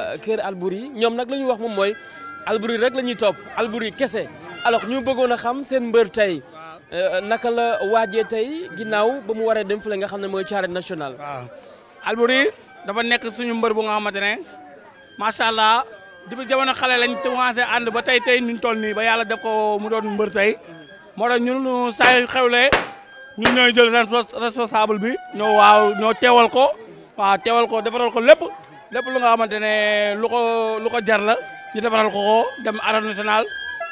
Euh, kër Albouri ñoom nag la ñu wax moom mooy Albouri rek la ñuy topp Albouri kese alors ñu bëggoon a xam seen mbër tey euh, naka la waajee tey ginnaaw ba mu waree dem fële nga xam ne mooy Arène national waaw Albouri dafa nekk suñu mbër bu nga xamante ne macha allah depuis jamono xale lañ commencé ànd ba tey tey ñu toll nii ba yàlla def ko mu doon mbër tey moo tax ñun saa yu xewlee ñun ñooy jël responsable bi ñoo waaw ñoo teewal ko waaw teewal ko defarool ko lépp. lépp lu nga xamante ne lu ko lu ko jar la ñu defaral ko ko dem arène nationale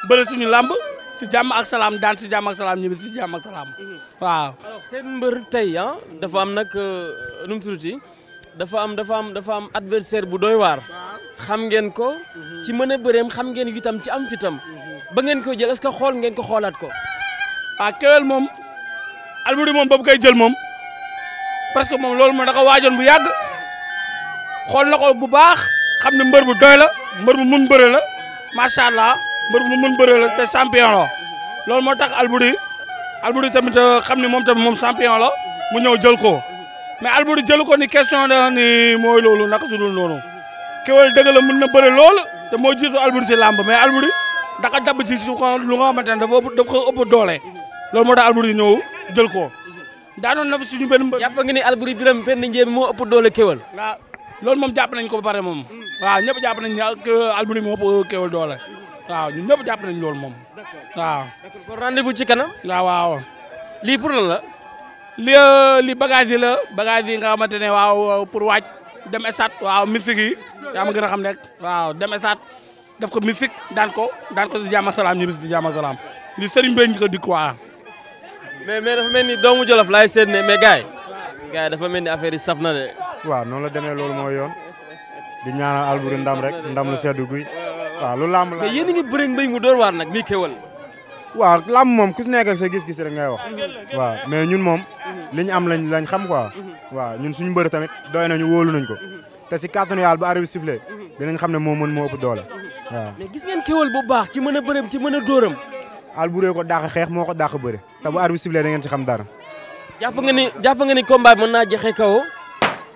bëri suñu làmb si jàmm ak salaam daan jàmm ak salaam ñibbi si jàmm ak salaam. Mhm. waaw. alors tey ah dafa am nag euh, nu mu tuddati dafa am dafa am dafa am adversaire bu doy waar. xam ngeen ko. Mhm. ci mën a bëreem xam ngeen itam ci am fitam mhm. ba ngeen ko jël est-ce que xool ngeen ko xoolaat ko. waaw ah, Kewel moom. Albouri moom boobu koy jël moom. parce bu yàgg. xool na ko bu baax xam ne mbër bu doy la mbër bu mun bëre la macha allah mbër bu mun bëre la te champion la moo tax Albouri Albouri tamit euh, xam ne moom tamit moom champion la mu ñëw jël ko mais Albouri jël ko ni question da ni mooy loolu naka su noonu Kéweul dëgg la mun na bëre lool te moo jiitu Albouri si làmb mais Albouri daka dab ci su ko lu nga xamante ne dafa ëpp dafa ko ëpp doole loolu moo tax Albouri ñëw jël ko daanoon na fi suñu benn mbër. jàpp nga ni Albouri Birame benn njéem loolu moom jàpp nañ ko ba pare moom waaw ñëpp jàpp nañ ne ak euh, Albouri moo ëpp Keweul jàpp nañ loolu moom waaw. d'accord rendez ci kanam. waaw waaw. lii pour lan la. li euh, li la bagage yi nga xamante ne waaw pour waaj dem esat waaw musique yi yaa gën a xam nekk waaw dem esat def ko musique daan ko daan ko si jàmm salaam ñu si jàmm salaam li sëriñ bi ko dikk waa mais dafa mel ni doomu Jolof laay seet ne mais gars yi gars yi dafa mel ni affaire yi saf na de. waaw noonu la demee loolu mooy yoon di ñaanal Alboury ndam rek ndam lu seddu guy waaw lu làmb la mais yéen a ngi mbéy mu door waar nag mi kéwal waaw làmb moom ku si nekk ak sa gis-gis rek ngay wax waaw mais ñun moom li ñu am lañ lañ xam quoi waaw ñun suñu mbër tamit doy nañu wóolu nañ ko te si kàttanu yàlla bu arrivé sifflé dinañ xam ne moo mën moo ëpp doole waaw mais gis ngeen bu baax ci mën a bërëm ci mën a dóoram Alboury ko dàq xeex moo ko dàq bëri te bu arrivé sifflé da ngeen si xam dara jàpp nga ni jàpp nga ni combat mën naa jexe kaw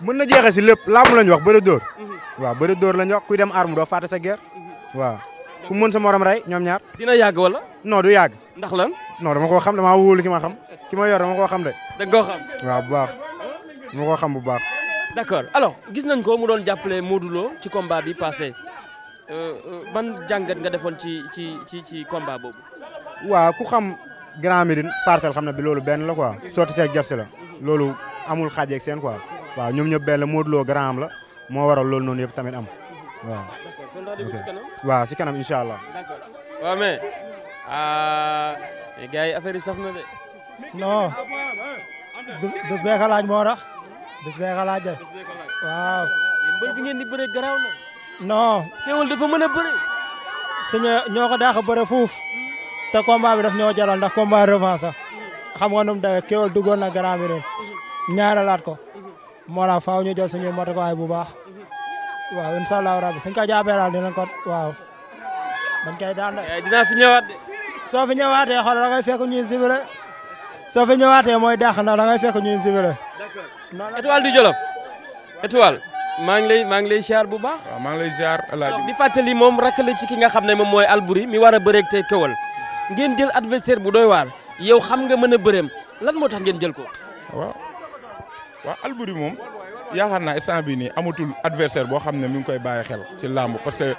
mën na jeexee si lépp làmb lañ wax bëri dóor waaw bëri dóor lañ wax kuy dem arme doo fàtte sa guerre waaw ku mën sa morom rey ñoom ñaar dina yàgg wala noo du yàgg ndax lan noo dama koo xam dama wóolu ki ma xam ki ma yor dama koo xam de da nga koo xam waaw bu baax dama xam bu baax d'accord alors gis nañ ko mu doon jàppale Modou duloo ci combat bi passé euh, euh, ban jàngat nga defoon ci ci ci ci combat boobu waaw ku xam Grand Médine parcelle xam na bi loolu benn la quoi sotti seeg jarsi loolu amul xaajeeg seen quoi waaw ñoom ñëpp benn Modou Lo grand am la moo waral loolu noonu yëpp tamit am waaw. Ah, waaw si kanam incha allah. waaw ah, mais gars yi affaire yi saf na de. non bés bés bee moo tax bés de waaw. mbër bi di bëre garaaw na. non. Keweul dafa mën a bëre. suñu ñoo ko daax a bëre fuuf. te combat bi daf ñoo jaral ndax combat revanche sax xam nga nu mu dawee Keweul duggoon na garaaw bi ren ñaaralaat ko. moo tax faaw ñu jël suñu matukaay bu baax waaw incha allahu rabi suñ ko jàppee daal dinañ ko waaw dañ koy daan eh, dinaa fi ñëwaat de. soo fi ñëwaatee xool da ngay fekk ñuy zibilé soo fi ñëwaatee mooy dàq ndax da ngay fekk ñuy zibilé. d'accord di du Jolof étoile. maa ngi lay maa ngi lay ziar bu baax. maa ngi lay ziar alaaji. di fàttali moom rakk la ci ki nga xam ne moom mooy Alboury mi war a bëreeg tey Keweul ngeen jël adversaire bu doy waar yow xam nga mën a bëreem lan moo tax ngeen jël ko. waaw waaw Albouri moom yaakaar naa instant bii nii amatul adversaire boo xam ne mi ngi koy bàyyi xel ci làmb parce que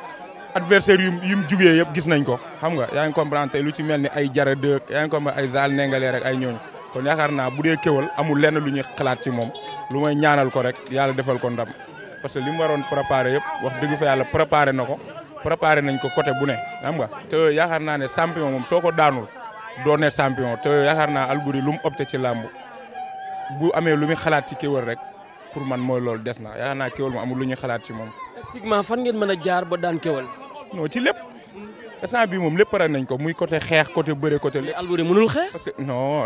adversaire yu yu mu jugee yëpp gis nañ ko xam nga yaa ngi comprendre tey lu ci mel ni ay jara dëkk yaa ngi ay zaal nengalee rek ay ñooñu kon yaakaar naa bu dee kéwal amul lenn lu ñuy xalaat ci moom lu may ñaanal ko rek yàlla defal ko ndam parce que li mu waroon préparé yëpp wax dëgg fa yàlla préparé na ko préparé nañ ko côté bu ne xam nga te yaakaar naa ne champion soo ko daanul doo ne yaakaar naa Albouri lu mu opté ci làmb bu amee lu muy xalaat ci Kéwél rek pour man mooy lool des na yaakaar naa Kéwél mu amul lu ñuy xalaat ci moom. tactiquement fan ngeen mën a jaar ba daan Kéwél. non ci lépp instant bi moom lépp pare nañ ko muy côté xeex côté bëre côté. lépp Alboury mënul xeex. parce que non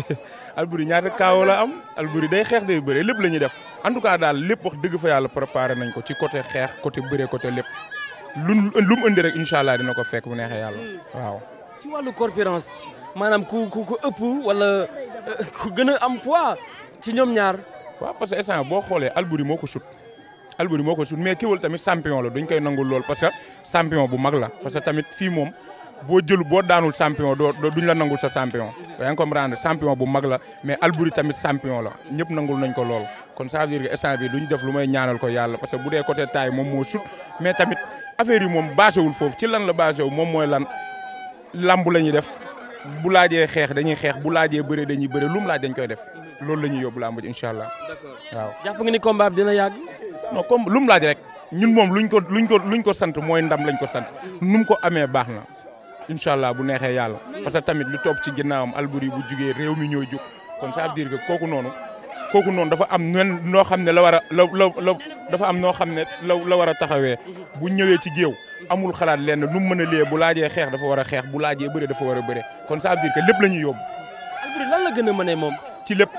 Alboury ñaata kaaw la am Alboury day xeex day bëre lépp la ñuy def en tout cas daal lépp wax dëgg yàlla préparé nañ ko ci côté xeex côté bëre côté lépp lu lu mu ëndi rek incha allah dina ko fekk bu neexee yàlla hmm. waaw. maanaam ku ku ku ëpp wala euh, ku gën a am poids ci ñoom ñaar. waaw parce que instant boo xoolee Albouri moo ko sut Albouri moo ko sut mais Keweul tamit champion la duñ koy nangu lool parce que champion bu mag la parce que tamit fii moom. boo jël boo daanul champion doo duñ la nangul sa champion. yaa ngi comprendre bu mag la mais Albouri tamit champion la ñëpp nangul nañ ko lool. kon ça veut dire que instant bi duñ def lu may ñaanal ko yàlla parce que bu dee côté taay moom moo sut mais tamit affaire yi moom basé wul foofu ci lan la basé wu moom mooy lan lamb la ñuy def. bu laajee xeex dañuy xeex bu laajee bëre dañuy bëre lu mu laaj dañ koy def loolu la ñuy yóbbu làmb ji incha allah. d'accord waaw jàpp nga ni combat bi dina yàgg. non comme lu laaj rek ñun moom luñ ko luñ ko luñ ko sant mooy ndam lañ ko sant nu mu ko amee baax na incha allah bu neexee yàlla parce que tamit lu topp ci ginnaawam Alboury bu jugee réew mi ñooy jug kon ça veut dire que kooku noonu kooku noonu dafa am nen noo xam ne la war a la la dafa am noo xam ne la la war a taxawee bu ñëwee ci géew. amul xalaat lenn lu mu mën a lee bu laajee xeex dafa war a xeex bu laajee bëre dafa war a bëre kon ça veut dire que lépp la ñuy yóbbu. la gën a mënee moom. ci lépp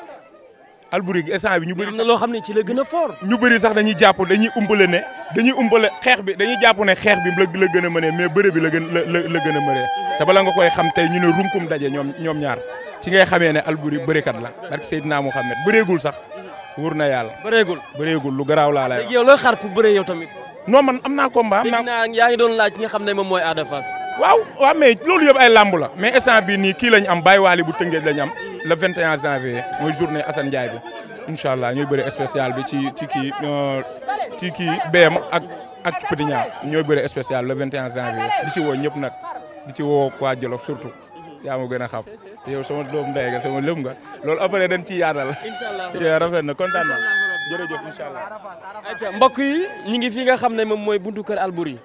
Alboury instant bi ñu bëri. na loo xam ne ci la gën a fort. ñu bëri sax dañuy jàpp dañuy umpale ne dañuy umpale xeex bi dañu jàpp ne xeex bi la gën a mënee mais bëre bi la gën la la gën a mënee. te bala nga koy xam tey ñu ne runkum daje ñoom ñoom ñaar ci ngay xamee ne Alboury bërekat la barke Seydina Mouhamed bëreegul sax wóor na yàlla. bëreegul bëreegul lu garaaw laa lay. tamit non man am naa combat. am naa yaa ngi doon laaj ki nga xam ne moom mooy Ada Fass. waaw waaw mais loolu yëpp ay làmb la. mais instant bii nii kii lañ am Baye Waly bu Tëngéej lañ am. le 21 janvier mooy journée Assane Ndiaye bi. incha allah ñooy bëri spécial bi ci ci kii euh, ci kii BM ak ak Petit Niang ñooy bëri spécial le 21 janvier di ci woo ñëpp nag di ci woo waa Jolof surtout. yaa ma gën a xam yow sama doom ndey nga sama lëm nga loolu après dañ ciy yaatal. incha allah na kontaan jërëjëf incha allah. mbokk yi ñi ngi fi nga xam ne moom mooy buntu kër Alboury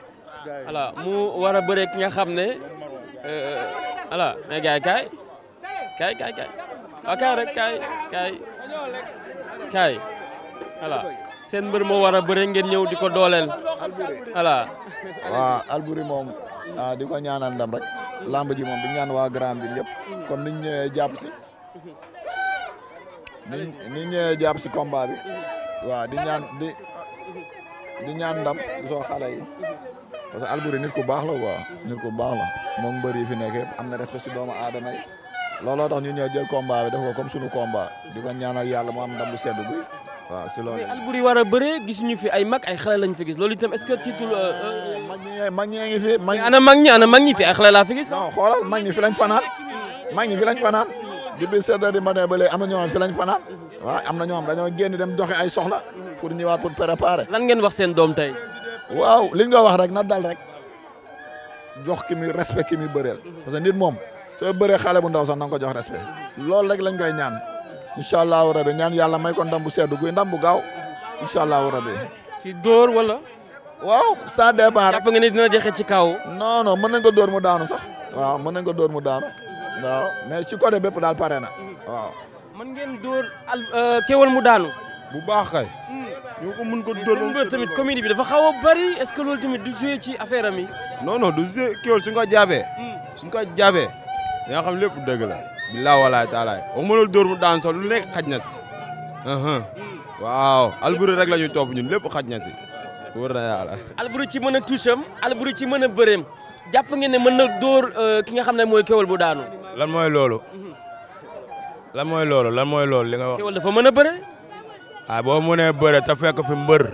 mu war a bëree ki nga xam ne euh, voilà mais gars yi kaay kaay kaay kaay waaw seen mbër moo war a bëree ngeen ñëw di ko dooleel voilà. waaw Alboury moom ah, di ko ñaanal ndam rek. lamb moom di ñaan waa grand bi yëpp comme niñ ñëwee jàpp si. ni ni ñëwee si combat bi waaw di ñaan di ñaan ndam soo xale yi parce que Alboury nit ku baax la quoi nit ku baax la moom mbër yi fi nekk yëpp am na respect si doomu aadama yi looloo tax ñu ñëw jël combat bi def ko comme sunu combat di ko ñaanal yàlla moo am ndam bu sedd bi waaw si loolu Alboury war a bëree ñu fi ay mag ay xale lañ fi gis loolu itam est-ce euh, euh, mag ñi ngi fi mag ana mag ñi ana mag ñi fi ay xale fi gis non xoolal mag ñi fi lañ fanaan fi lañ fanaan di sept heures du matin ba léegi am na ñoo xam fi lañ fanaan waaw am na ñoo xam dañoo génn dem joxe ay soxla pour ñëwaat pour préparer. lan ngeen wax seen doom tey. waaw liñ nga wax rek na dal rek jox ki muy respect ki muy parce que nit moom soo bëree xale bu ndaw sax na nga ko jox respect loolu rek lañ koy ñaan incha allahu rabi ñaan yàlla may ko ndam bu sedd guy ndam bu gaaw incha allahu rabi. ci dóor wala. waaw ça dépend rek. jàpp nga ni dina joxe ci kaw. non mën nañ ko dóor mu daanu sax. waaw mën nañ ko dóor mu daanu. waaw mais ci côté bépp daal pare na mhm. waaw. mën ngeen dóor al Keweul mu daanu. bu baax kay. ñoo hmm. ko mun ko dóor mais tamit commune bi dafa xaw a bari est-ce que loolu tamit du joué ci affaire am yi. non non du joué Keweul suñ ko jaabee. Hmm. suñ ko jaabee. yaa xam lépp dëgg la. billaahi wallaahi taalaay waxuma loolu dóor mu daanu sax lu nekk xaj na si. Uh-huh. Hmm. waaw Alboury rek la ñuy topp ñun lépp xaj na si. wër na yàlla. Alboury ci mën a touche am Alboury ci mën a bëreem jàpp ngeen ne mën na dóor euh, ki nga xam ne mooy Keweul bu daanu. lan mooy loolu. lan mooy loolu lan mooy loolu li nga wax. Keweul dafa mën a bëre. ah boo mënee bëre te fekk fi mbër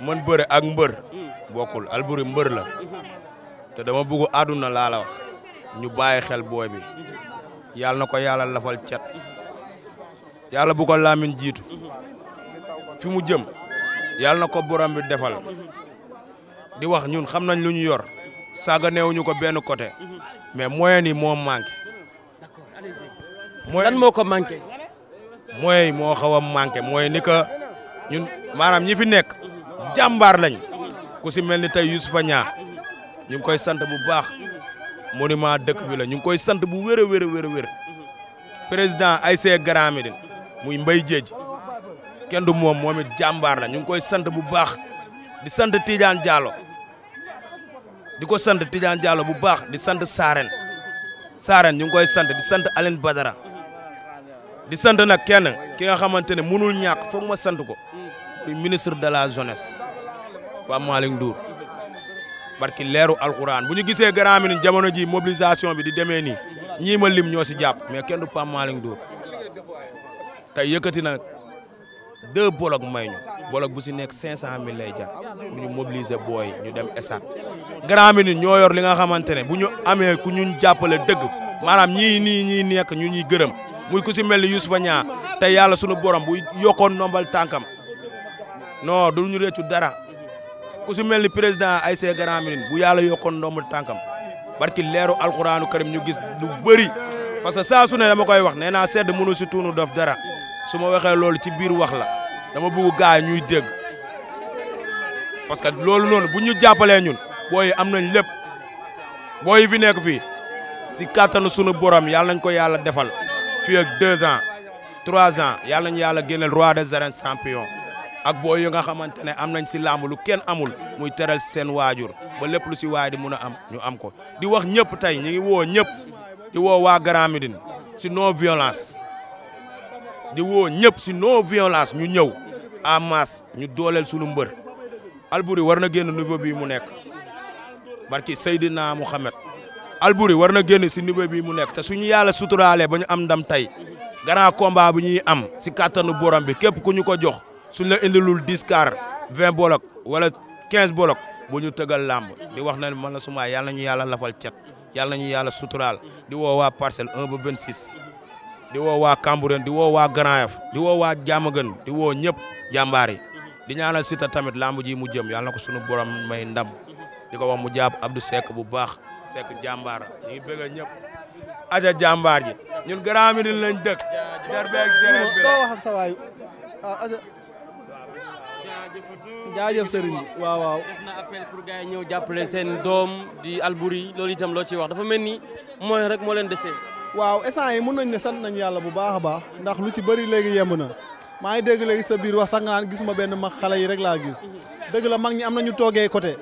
mën bëre ak mbër. Hmm. bokkul Alboury mbër la. te dama bugg àdduna laala wax ñu bàyyi xel booy bi yàlla na ko yàlla lafal cet yàlla bu ko laamin jiitu fi mu jëm yàlla na ko borom bi defal di wax ñun xam nañ lu ñu yor saaga neewuñu ko benn côté. mais moyens yi moo manqué. lan moo ko manqué. moyens yi moo manqué mooy ni que ñun maanaam ñi fi nekk jàmbaar lañ ku si mel ni tey Youssoufa Niang ñu ngi koy sant bu baax monument dëkk bi la ñu ngi koy sant bu wér a wér a wér wér président ay Grand Médine muy Mbaye Diédji kenn du moom moom it jàmbaar la ñu ngi koy sant bu baax di sant Tidiane jaalo di ko sant Tidiane Diallo bu baax di sant Saaren Saaren ñu ngi koy sant di sant Aline Badara di sant nag kenn ki nga xamante ne mënul ñàkk foog ma sant ko muy ministre de la jeunesse Pape Malick Ndour barki leeru alxuraan bu ñu gisee Grand Médine jamono ji mobilisation bi di demee nii ñii ma lim ñoo si jàpp mais kenn du Pape Malick Ndour tey yëkkati na deux bolok may ñu bolok bu si nekk cinq cent mille lay jar bu ñu mobiliser booy ñu dem esat grand minute ñoo yor li nga xamante ne bu ñu amee ku ñun jàppale dëgg maanaam ñii nii ñii nekk ñu ñuy gërëm muy ku si mel ni Youssoufa Niang te yàlla sunu borom bu yokkoon nombal tànkam no du ñu réccu dara ku si mel ni président ay ses grand minute bu yàlla yokkoon nombal tànkam barki leeru alxuraanu karim ñu gis lu bëri parce que saa su ne dama koy wax nee naa sedd mënu si tuunu def dara su ma waxee loolu ci biir wax la dama bëgg gaay parce que loolu noonu bu ñu jàppalee ñun booy am nañ lépp booy fi nekk fii si kattanu sunu borom yàlla nañ ko yàlla defal fii ak deux ans trois ans yàlla nañ yàlla génneel roi des arènes champion ak booy yu nga xamante ne am nañ si làmb lu kenn amul muy teral seen waajur ba lépp lu si waay di mun a am ñu am ko di wax ñëpp tey ñu ngi woo ñëpp di woo waa Grand si no violence di woo ñëpp si non violence ñu ñëw en masse ñu dooleel sunu mbër Albouri war na génn niveau bii mu nekk barki Seydina Mouhamed Albouri war na génn si niveau bii mu nekk te suñu yàlla suturaalee ba ñu am ndam tey grand combat bu ñuy am si kattanu borom bi képp ku ñu ko jox suñ la indilul 10 car 20 bolok wala 15 bolok bu ñu tëgal làmb di wax na man la suma yàlla nañu yàlla lafal cet yàlla nañu yàlla suturaal di woo waa parcelle 1 ba 26 di woo waa di woo waa Grand di woo waa Diamaguène di woo ñëpp jàmbaar yi di ñaanal Siteu tamit lamb ji mu jëm yàlla na ko sunu borom may ndam di ko wax mu jàpp Abdou seek bu baax Seck jàmbaar ñu ngi bëgg ñëpp aja jàmbaar ji ñun Grand Médine lañ dëkk derbeeg deret bi wax ak sa waay ah, sëriñ bi waaw waaw def yi ñëw jàppale seen doom di Alboury loolu itam loo ciy wax dafa mel ni mooy rek moo leen dese waaw instant yi mën nañ ne sant nañ yàlla bu baax a baax ndax lu ci bëri léegi yem na maa ngi dégg léegi sa biir wax sax nga naan gisuma benn mag xale yi rek laa gis dëgg la mag ñi am na ñu toogee côté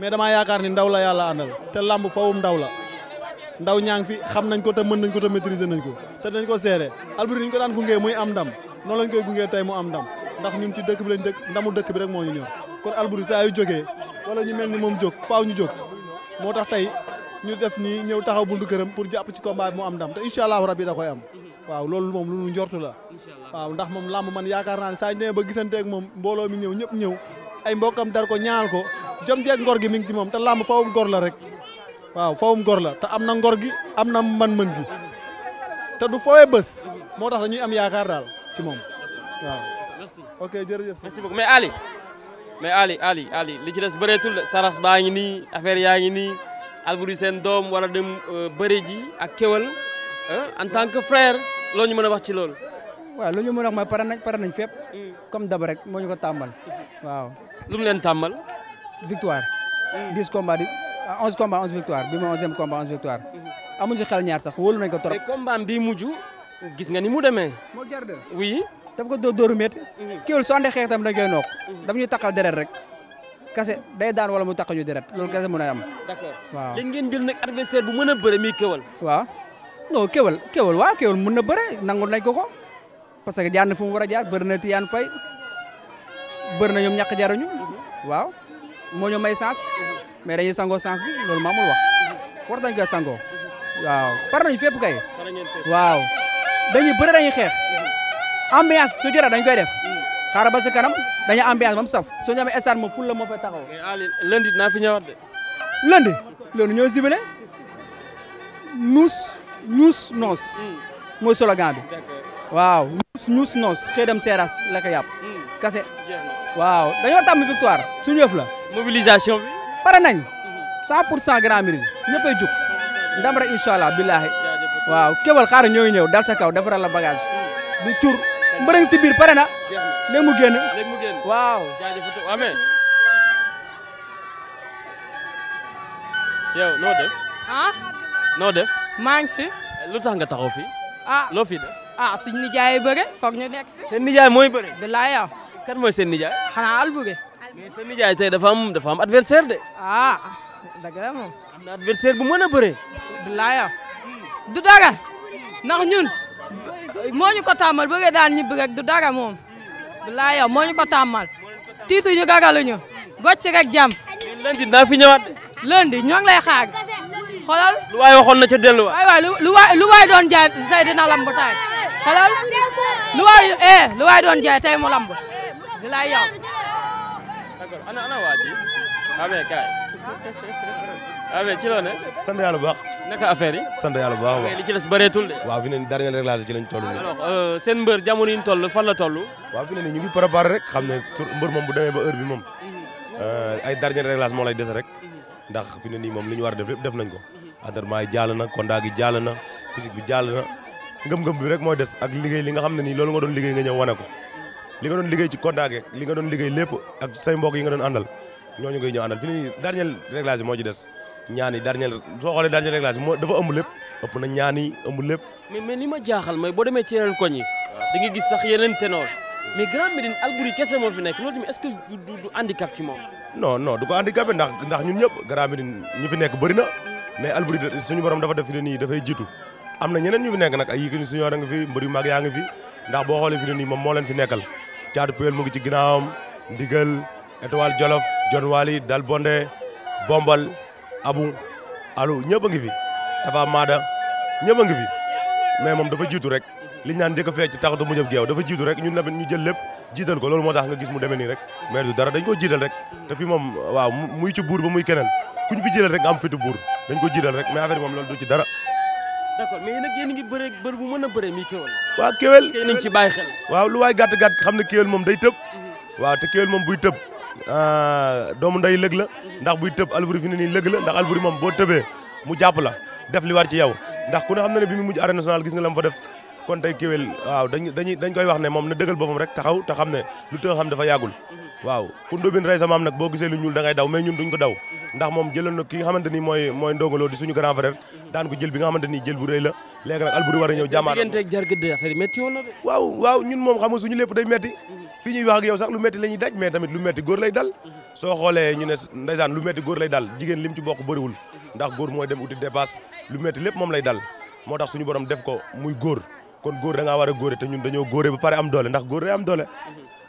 mais dama yaakaar ni ndaw la yàlla àndal te làmb fawum ndaw la ndaw ñaa ngi fi xam nañ ko te mën nañ ko te maîtriser nañ ko te dañ ko seere Alboury ñu ko daan gungee muy am ndam noonu lañ koy gungee tey mu am ndam ndax ñu ñun ci dëkk bi lañ dëkk ndamu dëkk bi rek moo ñu ñor kon Alboury saa jógee wala ñu mel ni moom jóg faaw ñu jóg moo tax tey ñu def nii ñëw taxaw buntu këram pour jàpp ci combat bi am ndam te incha rabi da koy am loolu moom lu nu njortu la waaw ndax moom làmb man yaakaar naa ne saa ñu demee ba gisanteeg moom mbooloo mi ñëw ñëpp ñëw ay mbokam dar ko ñaanal ko jom jeeg ngor gi mi ngi ci moom ta làmb fawum gor la rek waaw fawum gor la te am na ngor gi am na man-man gi te du fooyee bés moo tax dañuy am yaakaar daal ci moom waaw. ok jërëjëf merci beaucoup mais Ali mais Ali Ali Ali li ci des bëreetul sarax baa ngi ni affaire yaa ngi nii Alboury seen doom war a dem euh, bëri ji ak kéwal en tant que frère loo ñu mën a wax ci lool waaw lu ñu mën a wax mooy pare nañ pare nañ fépp. Mm. comme dab rek moo ñu ko tàmbal mm-hmm. waaw. lu mu leen tàmbal. victoire. 10 mm. combats di 11 ah, combats 11 victoire bi ma 11e combat victoire. Mm-hmm. amuñ si xel ñaar sax wóolu nañ ko trop. mais combat bi mujj gis nga ni mu demee. moo jar de oui. daf ko dóor dóoru métti. Mm-hmm. kiiwul soo andee xeex tam dañ koy noq. daf ñuy takkal deret rek. kase day daan wala mu takkal ñu deret loolu kase mën a am. d'accord waaw léegi ngeen jël nag bu mën a bëre mi kéwal. waaw non kéwal kéwal waaw kéwal mën na bëre nangul nañ ko ko. parce que jaar na fu mu war a jaar bëri na Tidiane Faye bëri na ñoom ñàkk jaruñu waaw moo ñu may sens mais dañuy sangoo sens bi loolu maa mul wax war nañu koy sangoo waaw par nañu fépp kay waaw dañuy bëri dañuy xeex ambiance su jëra dañ koy def xaaral ba kanam dañu ambiance ba mu saf soo ñu amee ful la moo fay taxaw lundi naa fi ñëwaat de lundi noos mooy slogan waaw ñuus noos xëedam seeras la ko hmm. kase waaw dañoo tàmm victoire suñu yëf la mobilisation bi pare nañ hmm. cent pour cent grand mérite ñëpp ay jug hmm. ndam rek incha allah waaw kéwal xaaral ñoo ngi ñëw dal sa kaw defaral la bagage du cur mbërëng si biir pare na léegi mu génn waaw jaajëf amee yow noo def ah noo def maa fi lu tax nga taxaw fii ah. loo fii def ah suñu nijaay bëre foog ñu nekk si. seen nijaay mooy bëre. bilaay yow. Ah. kan mooy seen nijaay. xanaa albury. mais seen nijaay tey dafa am dafa am adversaire de. ah dëgg moom. am na adversaire bu mën a bëre. bilaay yow. Ah. du dara ndax ñun moo ñu ko tàmmal bëre daan ñibbi du dara moom. bilaay yow ah, moo ko tàmmal. tiitu ñu garaluñu. gocc rek jàmm. lundi naa fi ñëwaat. lundi ñoo ngi lay xaar. xoolal lu waay waxoon na ca delluwaat. waay waay lu waay doon jaay tey dina lamb tay xoolal lu waay eh lu doon jaay tey mu lamb li laay yow. d'accord ana ana waa ji. amee ci loone sant yàlla bu baax. naka affaire yi. sant yàlla bu waaw li de. waaw fi mu ne nii dernier ci lañ toll nii. alors euh, seen mbër jamono yi ñu toll fan la toll. waaw fi ñu ngi préparé rek xam ne mbër moom bu demee ba heure bi moom. Euh, ay dernier réglage moo lay des rek. ndax fi ne nii moom li ñu war a def lépp def nañ ko. Mhm. entraînement yi jàll na kondaa gi na physique bi jàll na. ngëm-ngëm bi rek mooy des ak liggéey li nga xam ne ni loolu nga doon liggéey nga ñëw wane ko li nga doon liggéey ci contact li nga doon liggéey lépp ak say mbokk yi nga doon àndal ñooñu ngay ñëw àndal fi ni dernier réglage moo ci des ñaani yi dernier soo xoolee dernier réglage bi moo dafa ëmb lépp ëpp na ñaan yi ëmb lépp mais mais ma jaaxal may boo demee ci yeneen koñ yi da gis sax yeneen ténor mais Grand Médine Alboury kese moo fi nekk loolu tamit est-ce que du handicap ci moom ndax ndax ñun ñëpp ñi fi nekk bëri na mais Alboury suñu borom dafa def fi nii dafay jiitu am na ñeneen ñu fi nekk nag ay Yékini Senior a nga fi mbër yu mag yaa ngi fi ndax boo xoolee fi ne nii moom moo leen fi nekkal caatu Puel mu ngi ci ginnaawam ndigal étoile Jolof John Dal Bondé Bombal Abu Alu ñëpp a ngi fi dafa maada ñëpp a ngi fi mais moom dafa jiitu rek liñ naan njëkk a fecc taxatu mu jëf geew dafa jiitu rek ñun ñu jël lép jiital ko loolu moo tax nga gis mu demee nii rek mais du dara dañ ko jiital rek te fi moom waaw muy ci buur ba muy keneen kuñ fi jiital rek nga am dañ ko jiital rek mais affaire moom loolu ci dara d'accord mais nag yéen a bëree bër bu mën a bëree mi kéwél waaw kéwél tey nañ ci bàyyi waaw lu waay gàtt gàtt xam ne kéwél moom day tëb mhm. waaw te kéwél moom buy tëb ah, doomu nday lëg la mhm. ndax buy tëb Alboury fi ne nii lëg la ndax Alboury moom boo tëbee mu jàpp la def li war ci yow ndax ku ne xam na ne bi mu mujj arène nationale gis nga lam mu fa def kon tey kéwél waaw dañ dañuy dañ koy wax ne moom na dëggal boppam rek taxaw te xam ne lu të xam dafa yàggul mhm. waaw pour ndóbin rey sa maam nag boo gisee lu da mais ñun duñ ko daw ndax moom jëlal na ki nga xamante ni mooy mooy ndongoloo di suñu grand frère daan ko jël bi nga xamante ni jël bu rëy la léegi nag Alboury war a ñëw jàmmaar waaw waaw ñun moom xam day metti fii ñuy wax ak yow sax lu metti la ñuy daj mais tamit lu metti góor lay dal soo xoolee ñu ne ndeysaan lu metti góor lay dal jigéen lim ci bokk bëriwul ndax góor mooy dem uti dépasse lu metti lépp moom lay dal moo tax suñu borom def ko muy góor kon góor da ngaa war a góore te ñun dañoo góore ba pare am doole ndax góor day am doole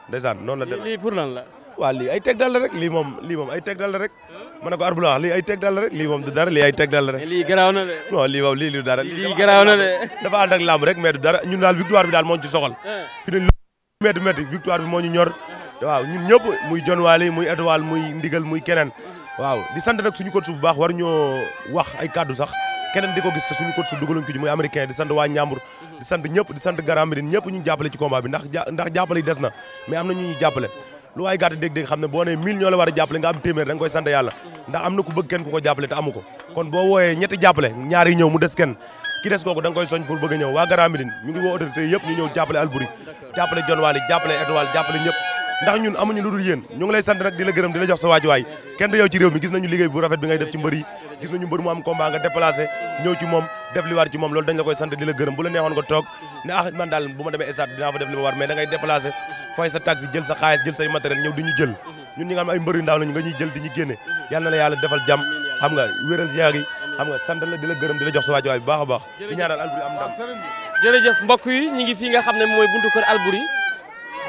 ndeysaan noonu la dem lii la waaw lii ay tegdal lii moom lii moom ay tegdal rek ma ne ko arbula lii ay teg dal rek lii moom du dara lii ay teg dal rek lii garaaw na du dara lii garaaw na de dafa ànd ak làmb rek mais du dara ñun daal victoire bi daal moo ñu ci soxal ah. moo ñu ñor waaw ñun ñëpp muy John Waly muy Étoile muy ndigal muy keneen waaw di sant nag suñu coach bu baax war ñoo wax ay kaddu sax keneen di ko gis te suñu coach dugaluñ ko ci muy américain di sant waa Ñambur di sant ñëpp di sant ñëpp ñu jàppale ci combat bi ndax ndax jàppale yi des na mais am na ñu ñuy jàppale lu waay gàtt dégg-dégg xam ne boo nee mille ñoo war a nga am téeméer da koy sant yàlla ndax am na ku bëgg kenn ku ko jàppale te amu kon boo wooyee ñetti jàppale ñaar ñëw mu des kenn ki des kooku da koy soñ pour bëgg ñëw waa Grand Médine ñu ngi woo autorité yëpp ñu ñëw jàppale Alboury jàppale John Waly jàppale Étoile ñëpp ndax ñun amuñu lu dul yéen ñu ngi lay sant nag di la gërëm di la jox sa waajuwaay kenn du yow ci réew mi gis nañu liggéey bu fay sa taxi jël sa xaalis jël say matériel ñëw di ñu jël mhm. ñun ñi nga xam ay mbëri ndaw lañu nga ñuy jël di ñu génne yal na la yàlla defal jàmm xam nga wéral yaar yi xam nga sant la di la gërëm di la jox sa waajowaay bu baax a baax di ñaanal Alboury am ndam jërëjëf mbokk yi ñi ngi fii nga xam ne mooy buntu kër Alboury